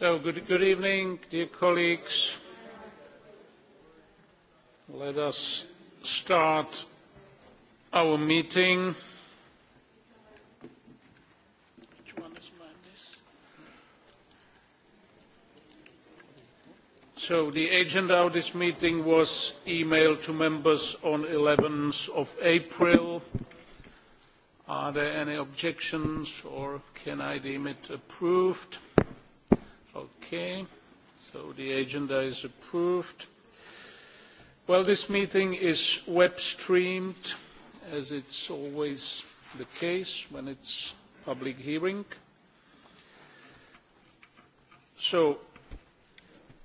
So good, good evening, dear colleagues. Let us start our meeting. So the agenda of this meeting was emailed to members on 11th of April. Are there any objections or can I deem it approved? Okay, so the agenda is approved. Well, this meeting is web streamed, as it's always the case when it's public hearing. So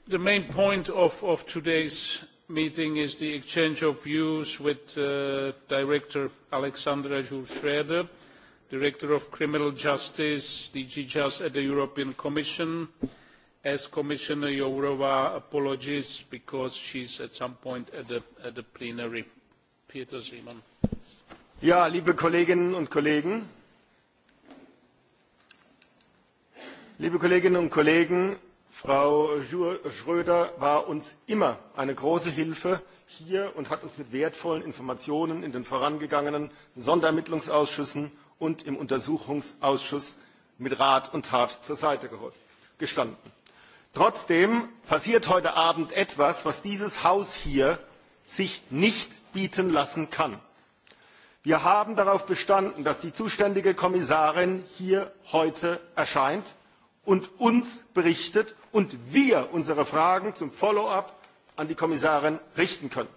the main point of today's meeting is the exchange of views with Director Alexandra Jules Schroeder Director of Criminal Justice, DG Just at the European Commission. As Commissioner Jourova, apologies because she's at some point at the plenary. Peter Simon. Ja, liebe Kolleginnen und Kollegen, liebe Kolleginnen und Kollegen, Frau Schröder war uns immer eine große Hilfe hier und hat uns mit wertvollen Informationen in den vorangegangenen Sonderermittlungsausschüssen und im Untersuchungsausschuss mit Rat und Tat zur Seite gestanden. Trotzdem passiert heute Abend etwas, was dieses Haus hier sich nicht bieten lassen kann. Wir haben darauf bestanden, dass die zuständige Kommissarin hier heute erscheint und uns berichtet und wir unsere Fragen zum Follow-up an die Kommissarin richten können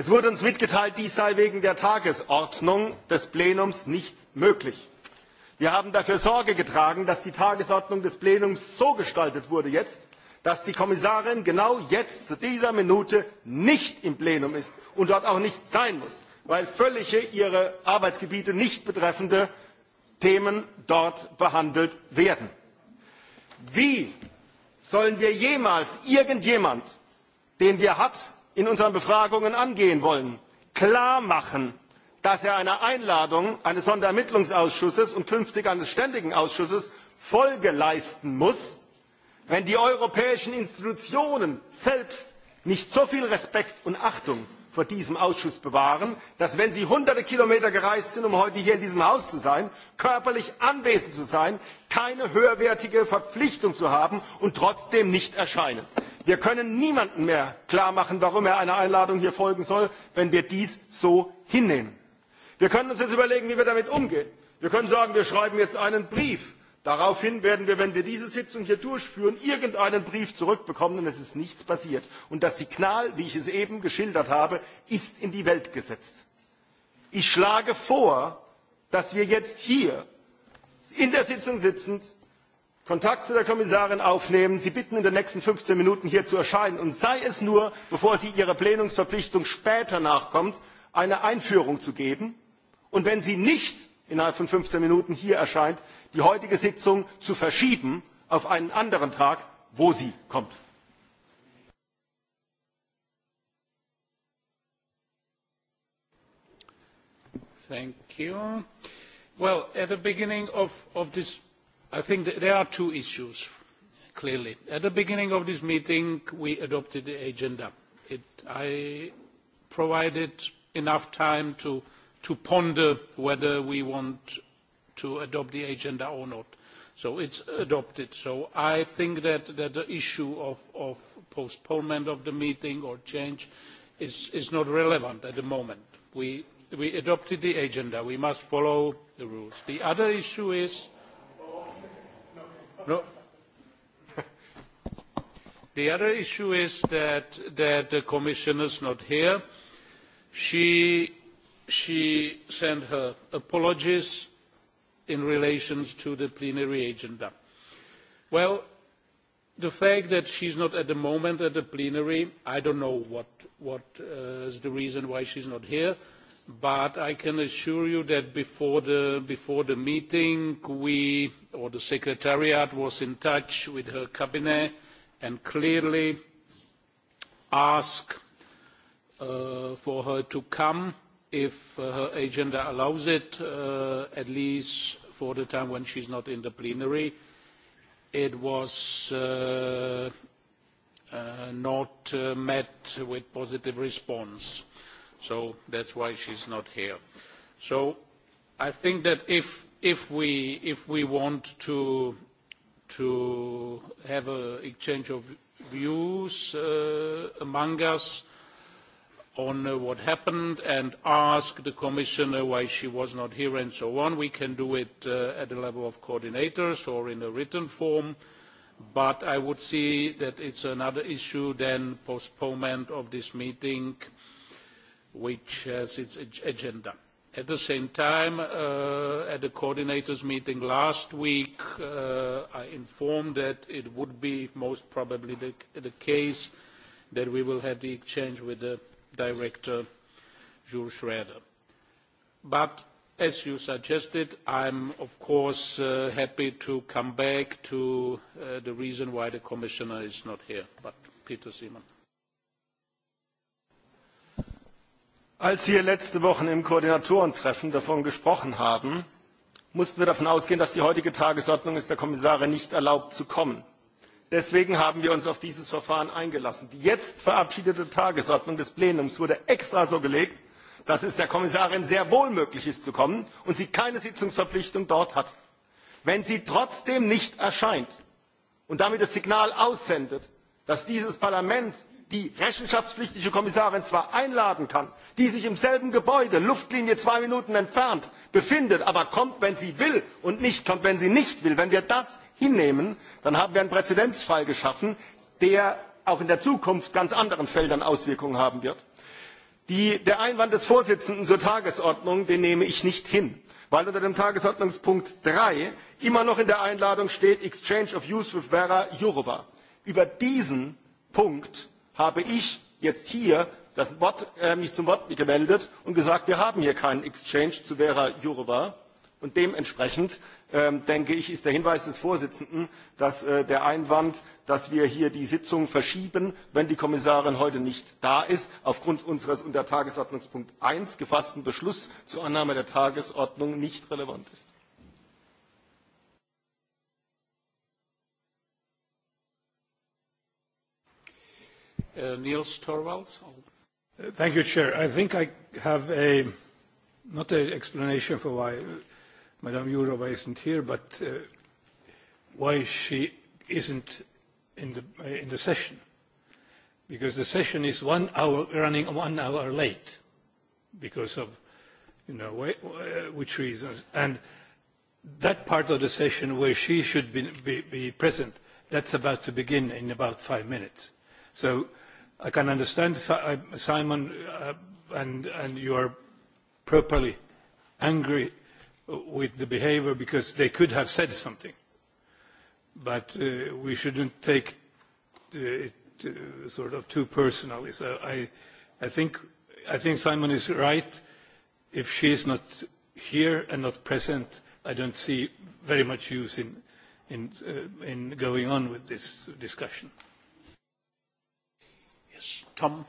es wurde uns mitgeteilt dies sei wegen der tagesordnung des plenums nicht möglich. wir haben dafür sorge getragen dass die tagesordnung des plenums so gestaltet wurde dass die kommissarin genau jetzt zu dieser minute nicht im plenum ist und dort auch nicht sein muss weil völlige ihre arbeitsgebiete nicht betreffende themen dort behandelt werden. wie sollen wir jemals irgendjemand den wir hat? in unseren befragungen angehen wollen klarmachen dass er einer einladung eines sonderermittlungsausschusses und künftig eines ständigen ausschusses folge leisten muss wenn die europäischen institutionen selbst nicht so viel respekt und achtung vor diesem Ausschuss bewahren, dass, wenn Sie hunderte Kilometer gereist sind, um heute hier in diesem Haus zu sein, körperlich anwesend zu sein, keine höherwertige Verpflichtung zu haben und trotzdem nicht erscheinen. Wir können niemandem mehr klarmachen, warum er einer Einladung hier folgen soll, wenn wir dies so hinnehmen. Wir können uns jetzt überlegen, wie wir damit umgehen. Wir können sagen, wir schreiben jetzt einen Brief Daraufhin werden wir, wenn wir diese Sitzung hier durchführen, irgendeinen Brief zurückbekommen, und es ist nichts passiert. Und das Signal, wie ich es eben geschildert habe, ist in die Welt gesetzt. Ich schlage vor, dass wir jetzt hier in der Sitzung sitzend Kontakt zu der Kommissarin aufnehmen, Sie bitten, in den nächsten 15 Minuten hier zu erscheinen, und sei es nur, bevor sie ihrer Plenumsverpflichtung später nachkommt, eine Einführung zu geben, und wenn sie nicht innerhalb von 15 Minuten hier erscheint, die heutige Sitzung zu verschieben auf einen anderen Tag, wo sie kommt. Thank you. Well, at the beginning of this, I think there are two issues, clearly. At the beginning of this meeting, we adopted the agenda. I provided enough time to to ponder whether we want to adopt the agenda or not. So it's adopted. So I think that the issue of postponement of the meeting or change is not relevant at the moment. We adopted the agenda. We must follow the rules. The other issue is the other issue is that the Commission is not here. She she sent her apologies in relation to the plenary agenda. well the fact that she is not at the moment at the plenary i don't know what is the reason why she is not here but i can assure you that before the meeting we or the secretariat was in touch with her cabinet and clearly asked for her to come if her agenda allows it, at least for the time when she's not in the plenary. It was not met with positive response, so that's why she's not here. So I think that if we want to have an exchange of views among us, on what happened and ask the Commissioner why she was not here and so on. We can do it at the level of coordinators or in a written form, but I would see that it's another issue than postponement of this meeting, which has its agenda. At the same time, at the coordinators' meeting last week, I informed that it would be most probably the case that we will have the exchange with the director Jules schrder But as you suggested, I'm of course happy to come back to the reason why the Commissioner is not here. But Peter Simon. Als wir letzte Woche im Koordinatorentreffen davon gesprochen haben, mussten wir davon ausgehen, dass die heutige Tagesordnung es der Kommissare nicht erlaubt, zu kommen. Deswegen haben wir uns auf dieses Verfahren eingelassen. Die jetzt verabschiedete Tagesordnung des Plenums wurde extra so gelegt, dass es der Kommissarin sehr wohl möglich ist, zu kommen und sie keine Sitzungsverpflichtung dort hat. Wenn sie trotzdem nicht erscheint und damit das Signal aussendet, dass dieses Parlament die rechenschaftspflichtige Kommissarin zwar einladen kann, die sich im selben Gebäude, Luftlinie zwei Minuten entfernt, befindet, aber kommt, wenn sie will und nicht kommt, wenn sie nicht will, wenn wir das hinnehmen, dann haben wir einen Präzedenzfall geschaffen, der auch in der Zukunft ganz anderen Feldern Auswirkungen haben wird. Der Einwand des Vorsitzenden zur Tagesordnung, den nehme ich nicht hin, weil unter dem Tagesordnungspunkt 3 immer noch in der Einladung steht Exchange of Views with Vera Jourova. Über diesen Punkt habe ich jetzt hier mich zum Wort gemeldet und gesagt, wir haben hier keinen Exchange zu Vera Jourova Und dementsprechend, denke ich, ist der Hinweis des Vorsitzenden, dass der Einwand, dass wir hier die Sitzung verschieben, wenn die Kommissarin heute nicht da ist, aufgrund unseres unter Tagesordnungspunkt 1 gefassten Beschluss zur Annahme der Tagesordnung nicht relevant ist. Madame Jourova isn't here, but why she isn't in the in the session. Because the session is one hour running one hour late because of, you know, which reasons. And that part of the session where she should be be present, that's about to begin in about five minutes. So I can understand, Simon, and you are properly angry with the behavior because they could have said something. But we shouldn't take it sort of too personally. So I I think I think Simon is right. If she is not here and not present, I don't see very much use in in in going on with this discussion. Yes, Tom.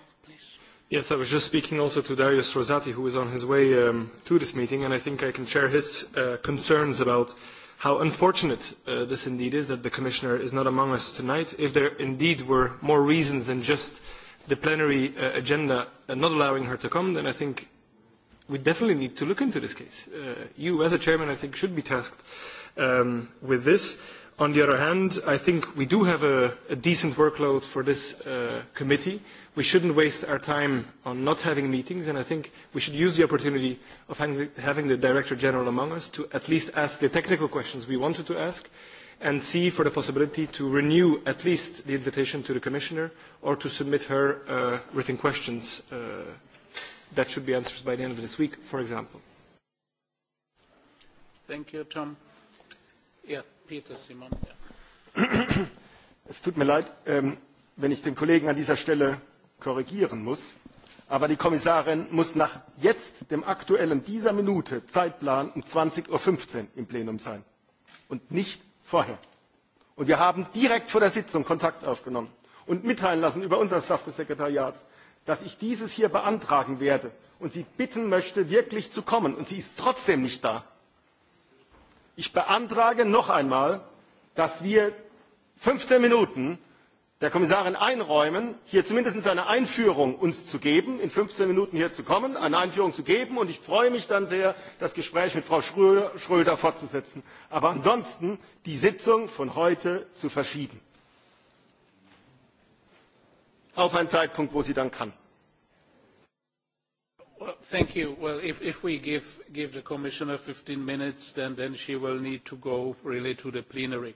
Yes, I was just speaking also to Darius Rosati, who is on his way to this meeting, and I think I can share his concerns about how unfortunate this indeed is that the Commissioner is not among us tonight. If there indeed were more reasons than just the plenary agenda not allowing her to come, then I think we definitely need to look into this case. You, as a chairman, I think should be tasked with this. On the other hand, I think we do have a decent workload for this committee. We shouldn't waste our time on not having meetings, and I think we should use the opportunity of having the Director General among us to at least ask the technical questions we wanted to ask and see for the possibility to renew at least the invitation to the Commissioner or to submit her written questions that should be answered by the end of this week, for example. Thank you, Tom. Es tut mir leid, wenn ich den Kollegen an dieser Stelle korrigieren muss, aber die Kommissarin muss nach jetzt, dem aktuellen dieser Minute, Zeitplan um 20.15 Uhr im Plenum sein und nicht vorher. wir haben direkt vor der Sitzung Kontakt aufgenommen und mitteilen lassen über unser Staff des Sekretariats, dass ich dieses hier beantragen werde und sie bitten möchte, wirklich zu kommen. Und sie ist trotzdem nicht da. Ich beantrage noch einmal, dass wir 15 Minuten der Kommissarin einräumen, hier zumindest eine Einführung zu geben, in 15 Minuten hier zu kommen, eine Einführung zu geben. Und ich freue mich dann sehr, das Gespräch mit Frau Schröder fortzusetzen. Aber ansonsten die Sitzung von heute zu verschieben. Auf einen Zeitpunkt, wo sie dann kann thank you. Well, if we give the Commissioner 15 minutes, then she will need to go really to the plenary.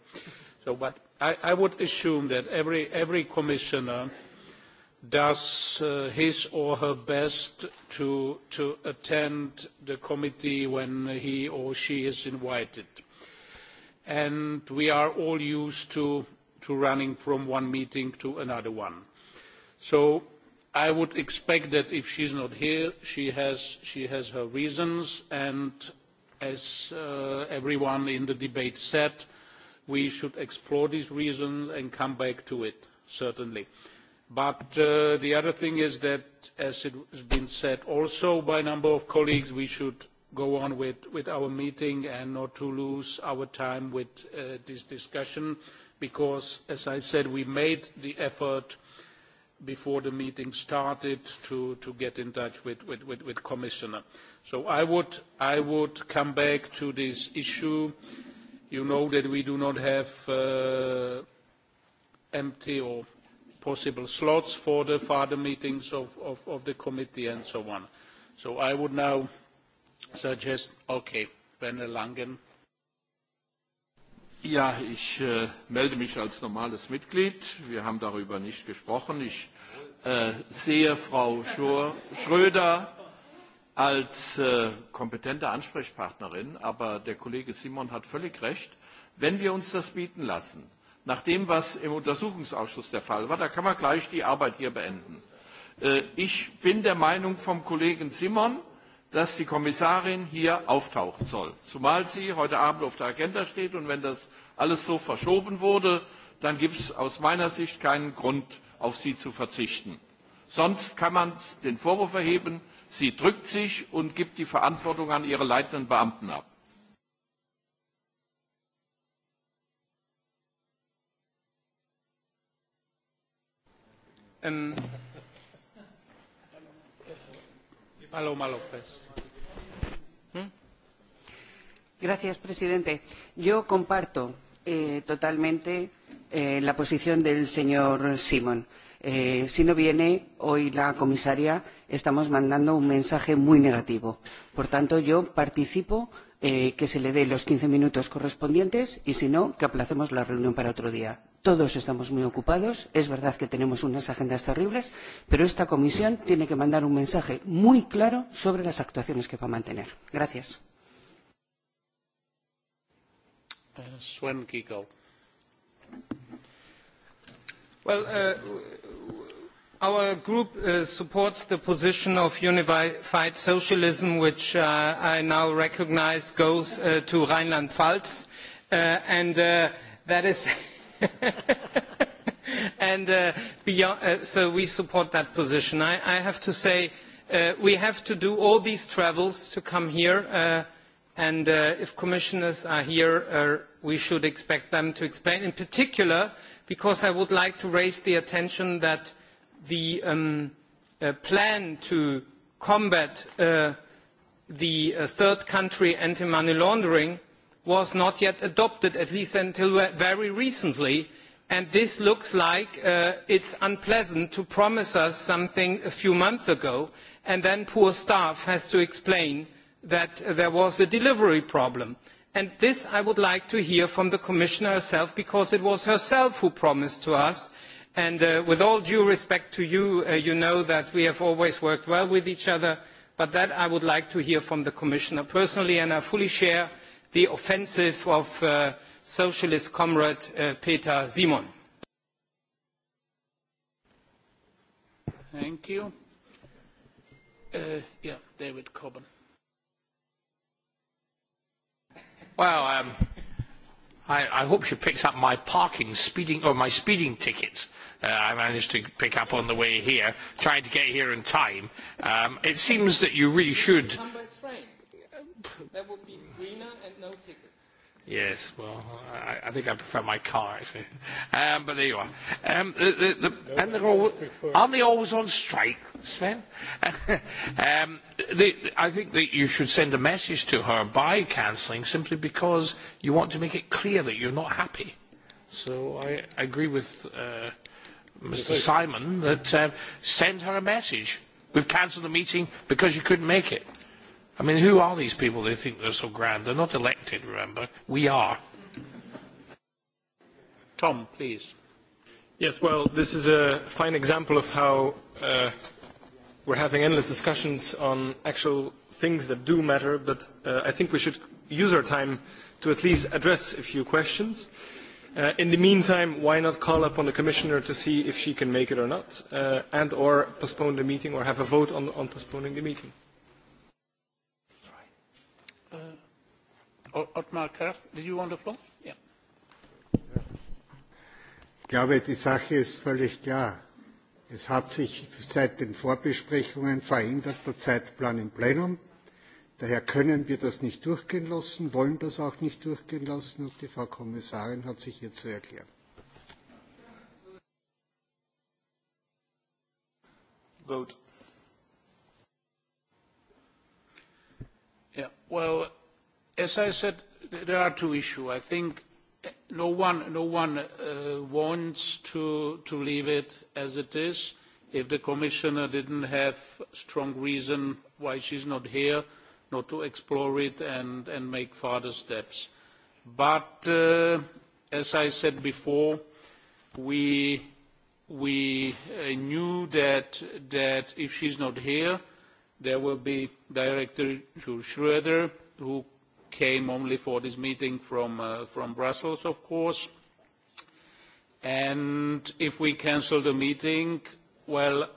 So, But I would assume that every Commissioner does his or her best to attend the committee when he or she is invited. And we are all used to running from one meeting to another one. So I would expect that if she is not here, she has she has her reasons, and as everyone in the debate said, we should explore these reasons and come back to it certainly. But the other thing is that, as it has been said also by a number of colleagues, we should go on with our meeting and not to lose our time with this discussion, because, as I said, we made the effort before the meeting started to to get in touch with with with with commissioner so i would i would come back to this issue you know that we do not have empty or possible slots for the further meetings of of the committee and so on so i would now suggest okay werner langen Ja, ich melde mich als normales Mitglied. Wir haben darüber nicht gesprochen. Ich sehe Frau Schröder als kompetente Ansprechpartnerin, aber der Kollege Simon hat völlig recht. Wenn wir uns das bieten lassen, nach dem, was im Untersuchungsausschuss der Fall war, da kann man gleich die Arbeit hier beenden. Ich bin der Meinung vom Kollegen Simon, dass die Kommissarin hier auftauchen soll, zumal sie heute Abend auf der Agenda steht. Und wenn das alles so verschoben wurde, dann gibt es aus meiner Sicht keinen Grund, auf sie zu verzichten. Sonst kann man den Vorwurf erheben, sie drückt sich und gibt die Verantwortung an ihre leitenden Beamten ab. Señor presidente. Yo comparto totalmente la posición del señor Simon si no viene hoy la comisaria estamos mandando un mensaje muy negativo. por tanto yo participo que se le dé los quince minutos correspondientes y si no que aplacemos la reunión para otro día. todos estamos muy ocupados es verdad que tenemos unas agendas terribles pero esta comisión tiene que mandar un mensaje muy claro sobre las actuaciones que va a mantener. gracias. Well, our group supports the position of unified socialism, which I now recognise goes to Rheinland-Pfalz, and that is. And so we support that position. I have to say, we have to do all these travels to come here, and if commissioners are here, we should expect them to explain. In particular because I would like to raise the attention that the plan to combat the third country anti-money laundering was not yet adopted, at least until very recently, and this looks like it's unpleasant to promise us something a few months ago, and then poor staff has to explain that there was a delivery problem and this i would like to hear from the commissioner herself because it was herself who promised to us and with all due respect to you you know that we have always worked well with each other but that i would like to hear from the commissioner personally and i fully share the offensive of socialist comrade peter simon thank you yeah david coburn Well, um, I, I hope she picks up my parking speeding or my speeding tickets. Uh, I managed to pick up on the way here, trying to get here in time. Um, it seems that you really should. Come train. That would be greener and no Yes, well, I, I think I prefer my car actually, but there you are. the, the, and they're aren't they always on strike, Sven? I think that you should send a message to her by cancelling, simply because you want to make it clear that you're not happy. So I agree with Mr. Simon that send her a message. We've cancelled the meeting because you couldn't make it I mean, who are these people they think they're so grand? They're not elected, remember. We are. Tom, please. Yes, well, this is a fine example of how we're having endless discussions on actual things that do matter, but I think we should use our time to at least address a few questions. In the meantime, why not call up on the Commissioner to see if she can make it or not, and or postpone the meeting or have a vote on postponing the meeting. Ich glaube, die Sache ist völlig klar. Es hat sich seit den Vorbesprechungen verändert der Zeitplan im Plenum. Daher können wir das nicht durchgehen lassen, wollen das auch nicht durchgehen lassen, und die Frau Kommissarin hat sich hierzu erklärt. Vote. As I said, there are two issues. I think no one wants to leave it as it is. If the Commissioner didn't have strong reason why she's not here, not to explore it and make further steps. But as I said before, we knew that if she's not here, there will be Director Jules Schroeder who came only for this meeting from from Brussels, of course. And if we cancel the meeting, well,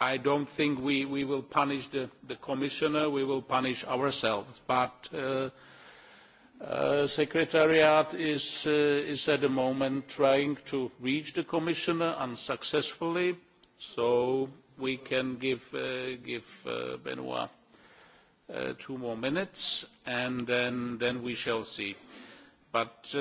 I don't think we we will punish the Commissioner, we will punish ourselves. But Secretariat is at the moment trying to reach the Commissioner unsuccessfully, so we can give Benoit two more minutes, and then we shall see. But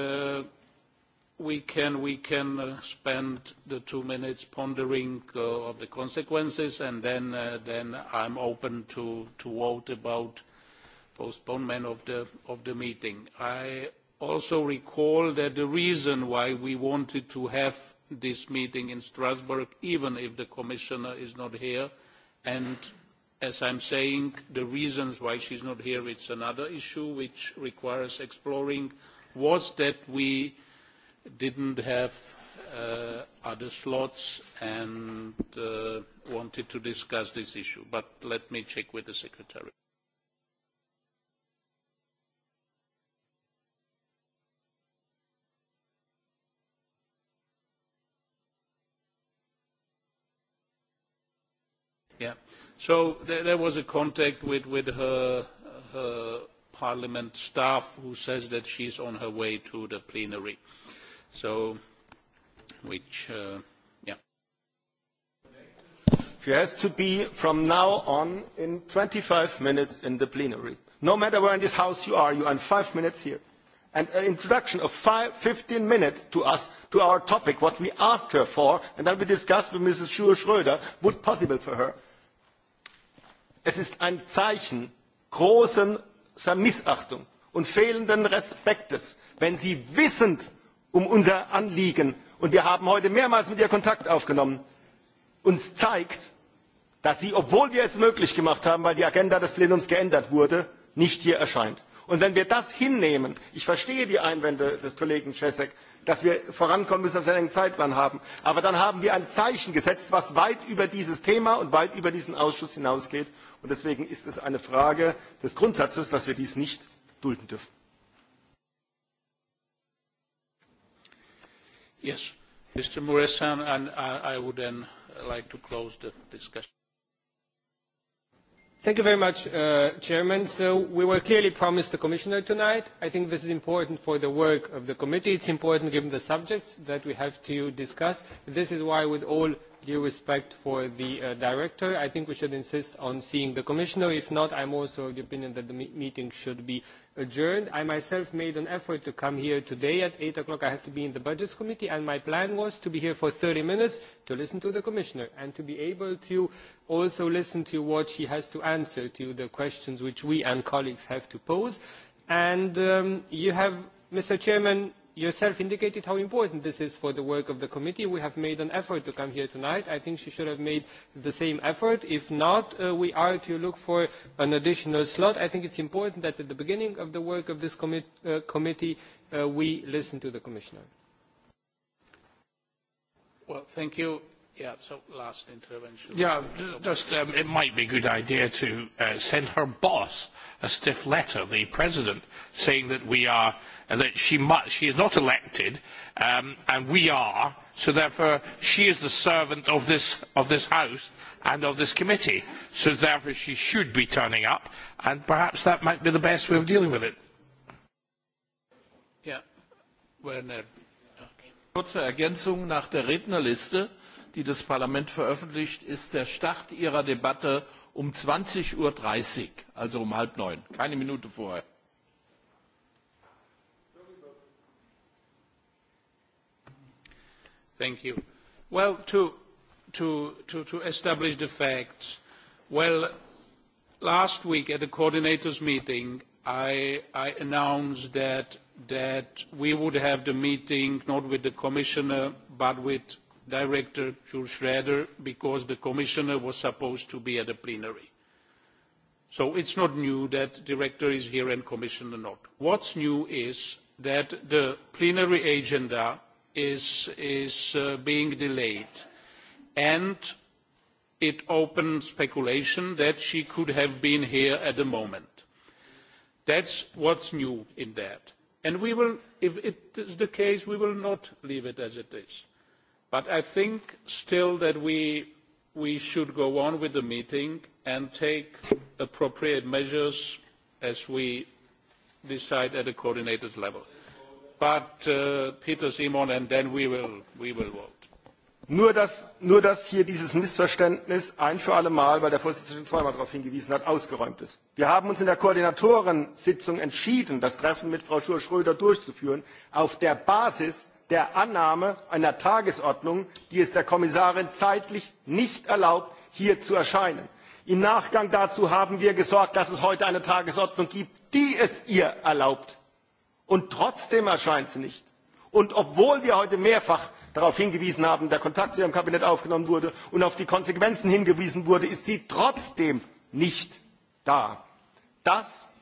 we can spend the two minutes pondering of the consequences, and then I'm open to vote about postponement of the meeting. I also recall that the reason why we wanted to have this meeting in Strasbourg, even if the Commissioner is not here, and As I'm saying, the reasons why she's not here, it's another issue which requires exploring, was that we didn't have other slots and wanted to discuss this issue. But let me check with the Secretary. Yeah. So there was a contact with her parliament staff who says that she is on her way to the plenary. So, which, yeah. She has to be from now on in 25 minutes in the plenary. No matter where in this house you are, you are in five minutes here. And an introduction of 15 minutes to us, to our topic, what we asked her for, and then we discussed with Mrs. Schröder, would possible for her es ist ein zeichen großer missachtung und fehlenden respektes wenn sie wissend um unser anliegen und wir haben heute mehrmals mit ihr kontakt aufgenommen uns zeigt dass sie obwohl wir es möglich gemacht haben weil die agenda des plenums geändert wurde nicht hier erscheint. und wenn wir das hinnehmen ich verstehe die einwände des kollegen dass wir vorankommen müssen, dass wir einen Zeitplan haben. Aber dann haben wir ein Zeichen gesetzt, was weit über dieses Thema und weit über diesen Ausschuss hinausgeht. Und deswegen ist es eine Frage des Grundsatzes, dass wir dies nicht dulden dürfen. Thank you very much, Chairman. So we were clearly promised the Commissioner tonight. I think this is important for the work of the committee. It's important given the subjects that we have to discuss. This is why with all due respect for the director, I think we should insist on seeing the commissioner. If not, I'm also of the opinion that the meeting should be adjourned. I myself made an effort to come here today at 8 o'clock. I have to be in the Budgets Committee, and my plan was to be here for 30 minutes to listen to the commissioner and to be able to also listen to what she has to answer to the questions which we and colleagues have to pose. And you have, Mr. Chairman yourself indicated how important this is for the work of the committee. We have made an effort to come here tonight. I think she should have made the same effort. If not, we are to look for an additional slot. I think it's important that at the beginning of the work of this committee, we listen to the Commissioner. Well, thank you. Yeah, so last intervention. Yeah, just um, it might be a good idea to uh, send her boss a stiff letter, the president, saying that we are that she must, she is not elected, um, and we are. So therefore, she is the servant of this of this house and of this committee. So therefore, she should be turning up, and perhaps that might be the best way of dealing with it. Yeah, okay. Kurze Ergänzung nach der Rednerliste die das Parlament veröffentlicht, ist der Start ihrer Debatte um 20.30 Uhr, also um halb neun, keine Minute vorher. Thank you. Well, to to to establish the facts, well, last week at the coordinators' meeting, I i announced that that we would have the meeting not with the Commissioner, but with Director Jules schrder because the Commissioner was supposed to be at the plenary. So it's not new that Director is here and Commissioner not. What's new is that the plenary agenda is being delayed and it opens speculation that she could have been here at the moment. That's what's new in that. And if it is the case, we will not leave it as it is. But I think still that we should go on with the meeting and take appropriate measures as we decide at a coordinated level. But Peter Simon and then we will vote. Nur dass hier dieses Missverständnis ein für alle Mal, weil der Vorsitzende schon zweimal darauf hingewiesen hat, ausgeräumt ist. Wir haben uns in der Koordinatorensitzung entschieden, das Treffen mit Frau Schröder durchzuführen, auf der Basis der Annahme einer Tagesordnung, die es der Kommissarin zeitlich nicht erlaubt, hier zu erscheinen. Im Nachgang dazu haben wir gesorgt, dass es heute eine Tagesordnung gibt, die es ihr erlaubt. Und trotzdem erscheint sie nicht. Und obwohl wir heute mehrfach darauf hingewiesen haben, der Kontakt zu ihrem Kabinett aufgenommen wurde und auf die Konsequenzen hingewiesen wurde, ist sie trotzdem nicht da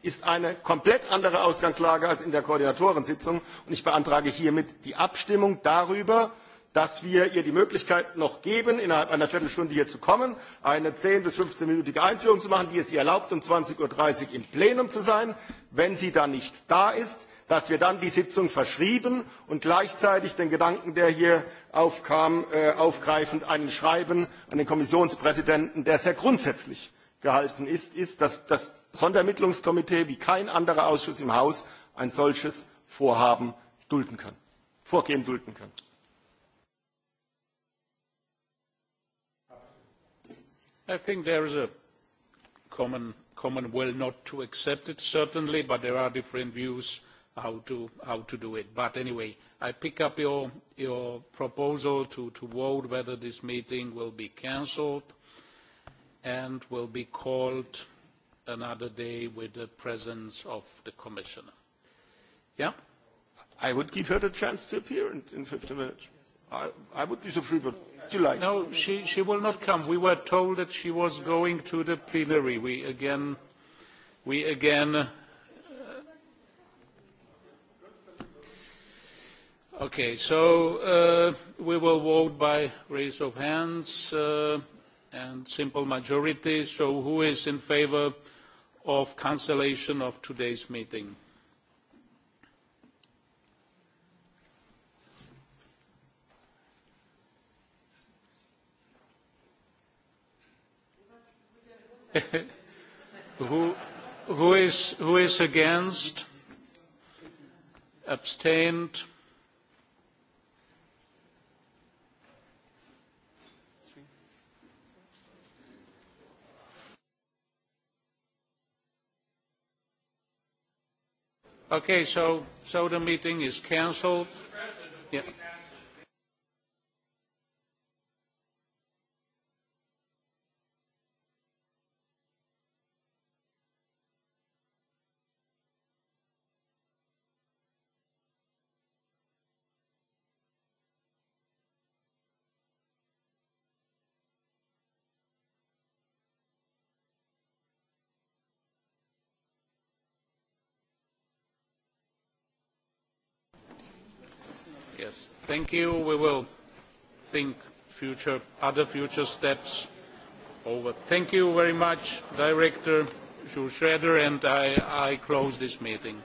ist eine komplett andere Ausgangslage als in der Koordinatorensitzung. Und ich beantrage hiermit die Abstimmung darüber, dass wir ihr die Möglichkeit noch geben, innerhalb einer Viertelstunde hier zu kommen, eine 10- bis 15-minütige Einführung zu machen, die es ihr erlaubt, um 20.30 Uhr im Plenum zu sein. Wenn sie dann nicht da ist, dass wir dann die Sitzung verschrieben und gleichzeitig den Gedanken, der hier aufkam, aufgreifend einen Schreiben an den Kommissionspräsidenten, der sehr grundsätzlich gehalten ist, ist, dass Sonderermittlungskomitee wie kein anderer Ausschuss im Haus ein solches Vorhaben dulden kann, Vorgehen dulden kann. I think there is a common will not to accept it, certainly, but there are different views how to do it. But anyway, I pick up your proposal to vote whether this meeting will be cancelled and will be called another day with the presence of the commissioner. Yeah? I would give her the chance to appear in, in 15 minutes. I, I would be so free, but you like. No, she, she will not come. We were told that she was going to the plenary. We again, we again. Okay, so uh, we will vote by raise of hands uh, and simple majority. So who is in favor? of cancellation of today's meeting. Who is against? Abstained? Okay, so, so the meeting is cancelled. Yeah. Thank you. We will think future, other future steps over. Thank you very much, Director Schroeder, and I close this meeting.